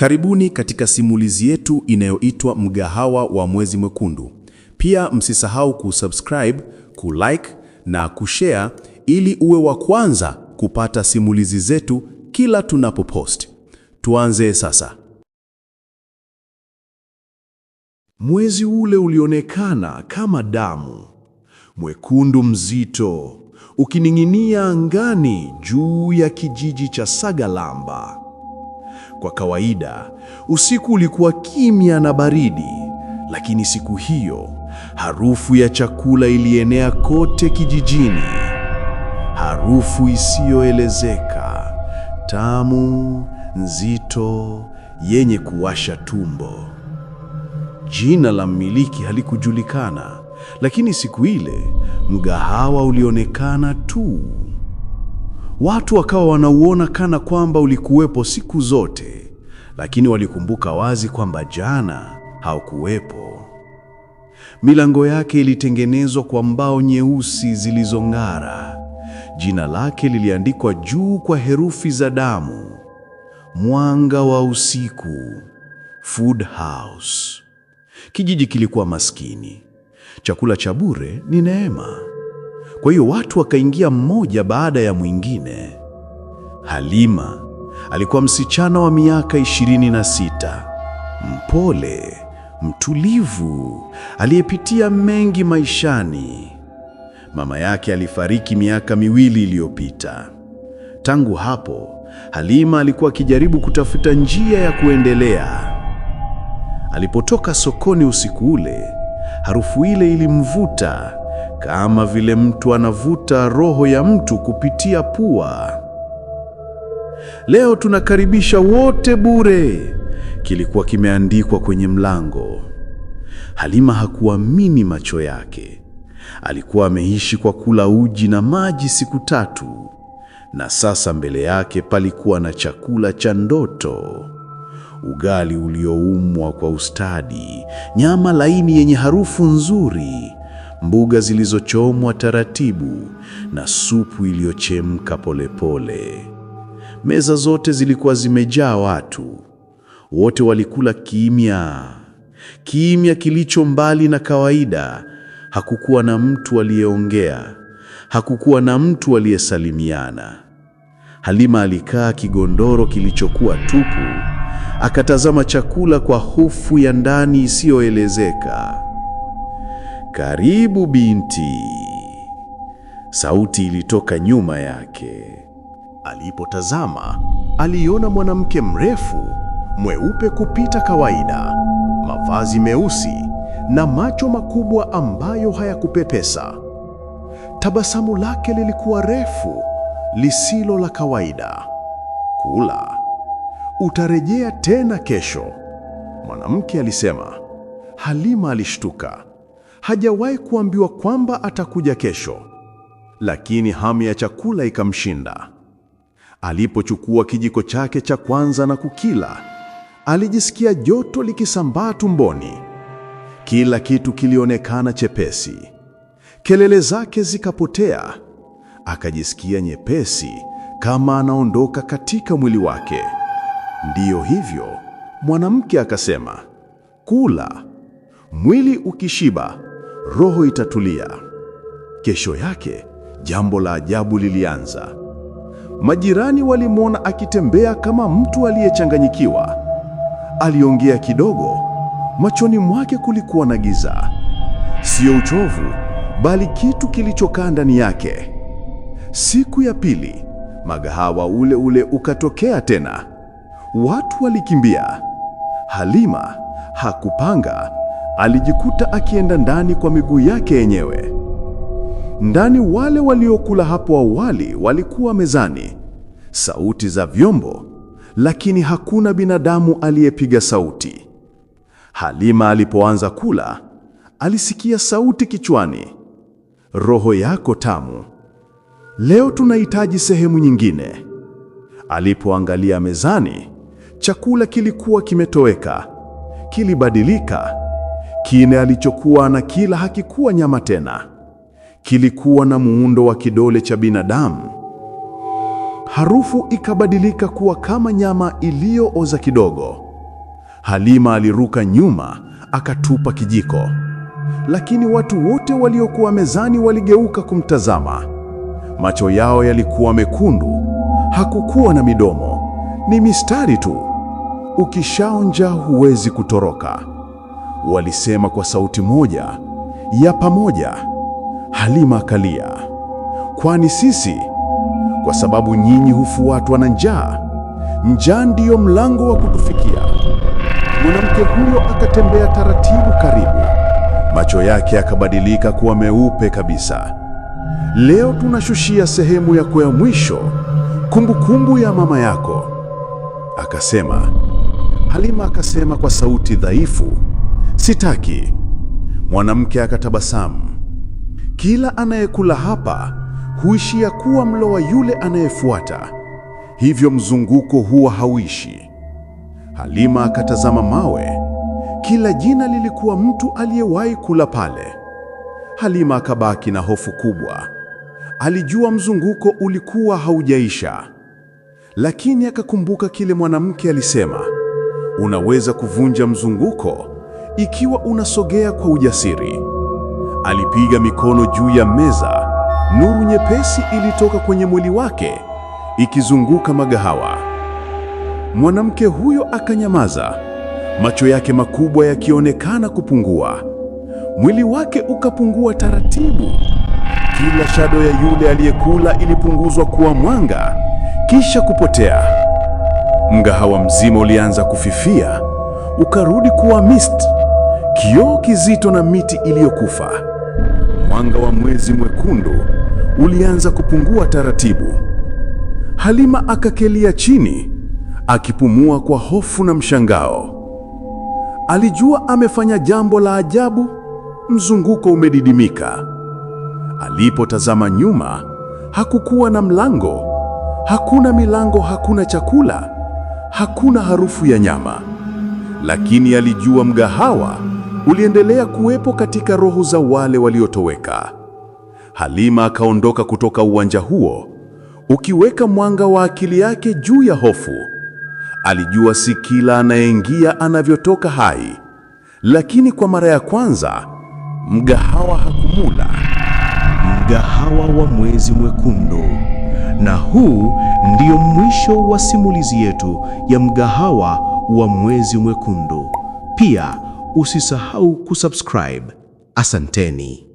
Karibuni katika simulizi yetu inayoitwa Mgahawa wa Mwezi Mwekundu. Pia msisahau kusubscribe, kulike na kushare ili uwe wa kwanza kupata simulizi zetu kila tunapopost. Tuanze sasa. Mwezi ule ulionekana kama damu, mwekundu mzito, ukining'inia angani juu ya kijiji cha Sagalamba. Kwa kawaida usiku ulikuwa kimya na baridi, lakini siku hiyo harufu ya chakula ilienea kote kijijini, harufu isiyoelezeka, tamu, nzito, yenye kuwasha tumbo. Jina la mmiliki halikujulikana, lakini siku ile mgahawa ulionekana tu Watu wakawa wanauona kana kwamba ulikuwepo siku zote, lakini walikumbuka wazi kwamba jana haukuwepo. Milango yake ilitengenezwa kwa mbao nyeusi zilizong'ara. Jina lake liliandikwa juu kwa herufi za damu: Mwanga wa Usiku, Food House. Kijiji kilikuwa maskini, chakula cha bure ni neema. Kwa hiyo watu wakaingia mmoja baada ya mwingine. Halima alikuwa msichana wa miaka sita, mpole, mtulivu, aliyepitia mengi maishani. Mama yake alifariki miaka miwili iliyopita. Tangu hapo, Halima alikuwa akijaribu kutafuta njia ya kuendelea. Alipotoka sokoni usiku ule, harufu ile ilimvuta kama vile mtu anavuta roho ya mtu kupitia pua. Leo tunakaribisha wote bure, kilikuwa kimeandikwa kwenye mlango. Halima hakuamini macho yake. Alikuwa ameishi kwa kula uji na maji siku tatu, na sasa mbele yake palikuwa na chakula cha ndoto: ugali ulioumwa kwa ustadi, nyama laini yenye harufu nzuri mbuga zilizochomwa taratibu na supu iliyochemka polepole. Meza zote zilikuwa zimejaa watu, wote walikula kimya, kimya kilicho mbali na kawaida. Hakukuwa na mtu aliyeongea, hakukuwa na mtu aliyesalimiana. Halima alikaa kigondoro kilichokuwa tupu, akatazama chakula kwa hofu ya ndani isiyoelezeka. Karibu binti, sauti ilitoka nyuma yake. Alipotazama aliona mwanamke mrefu mweupe kupita kawaida, mavazi meusi na macho makubwa ambayo hayakupepesa. Tabasamu lake lilikuwa refu, lisilo la kawaida. Kula, utarejea tena kesho, mwanamke alisema. Halima alishtuka hajawahi kuambiwa kwamba atakuja kesho, lakini hamu ya chakula ikamshinda. Alipochukua kijiko chake cha kwanza na kukila, alijisikia joto likisambaa tumboni. Kila kitu kilionekana chepesi, kelele zake zikapotea, akajisikia nyepesi kama anaondoka katika mwili wake. Ndiyo hivyo, mwanamke akasema, kula, mwili ukishiba roho itatulia. Kesho yake jambo la ajabu lilianza. Majirani walimwona akitembea kama mtu aliyechanganyikiwa. Aliongea kidogo, machoni mwake kulikuwa na giza, sio uchovu, bali kitu kilichokaa ndani yake. Siku ya pili, magahawa ule ule ukatokea tena. Watu walikimbia. Halima hakupanga alijikuta akienda ndani kwa miguu yake yenyewe. Ndani wale waliokula hapo awali walikuwa mezani, sauti za vyombo, lakini hakuna binadamu aliyepiga sauti. Halima alipoanza kula, alisikia sauti kichwani, roho yako tamu, leo tunahitaji sehemu nyingine. Alipoangalia mezani, chakula kilikuwa kimetoweka, kilibadilika Kile alichokuwa na kila hakikuwa nyama tena, kilikuwa na muundo wa kidole cha binadamu. Harufu ikabadilika kuwa kama nyama iliyooza kidogo. Halima aliruka nyuma akatupa kijiko, lakini watu wote waliokuwa mezani waligeuka kumtazama. Macho yao yalikuwa mekundu, hakukuwa na midomo, ni mistari tu. Ukishaonja huwezi kutoroka walisema kwa sauti moja ya pamoja. Halima akalia, kwani sisi? Kwa sababu nyinyi hufuatwa na njaa. Njaa ndiyo mlango wa kutufikia. Mwanamke huyo akatembea taratibu karibu, macho yake akabadilika kuwa meupe kabisa. Leo tunashushia sehemu yako ya mwisho, kumbukumbu ya mama yako, akasema. Halima akasema kwa sauti dhaifu Sitaki. Mwanamke akatabasamu. Kila anayekula hapa huishia kuwa mlo wa yule anayefuata, hivyo mzunguko huwa hauishi. Halima akatazama mawe. Kila jina lilikuwa mtu aliyewahi kula pale. Halima akabaki na hofu kubwa. Alijua mzunguko ulikuwa haujaisha, lakini akakumbuka kile mwanamke alisema, unaweza kuvunja mzunguko ikiwa unasogea kwa ujasiri. Alipiga mikono juu ya meza, nuru nyepesi ilitoka kwenye mwili wake ikizunguka magahawa. Mwanamke huyo akanyamaza, macho yake makubwa yakionekana kupungua. Mwili wake ukapungua taratibu. Kila shado ya yule aliyekula ilipunguzwa kuwa mwanga, kisha kupotea. Mgahawa mzima ulianza kufifia, ukarudi kuwa mist kioo kizito na miti iliyokufa. Mwanga wa mwezi mwekundu ulianza kupungua taratibu. Halima akakelia chini akipumua kwa hofu na mshangao. Alijua amefanya jambo la ajabu. Mzunguko umedidimika. Alipotazama nyuma, hakukuwa na mlango, hakuna milango, hakuna chakula, hakuna harufu ya nyama, lakini alijua mgahawa uliendelea kuwepo katika roho za wale waliotoweka. Halima akaondoka kutoka uwanja huo ukiweka mwanga wa akili yake juu ya hofu. Alijua si kila anayeingia anavyotoka hai, lakini kwa mara ya kwanza mgahawa hakumula. Mgahawa wa Mwezi Mwekundu. Na huu ndio mwisho wa simulizi yetu ya Mgahawa wa Mwezi Mwekundu. Pia Usisahau kusubscribe. Asanteni.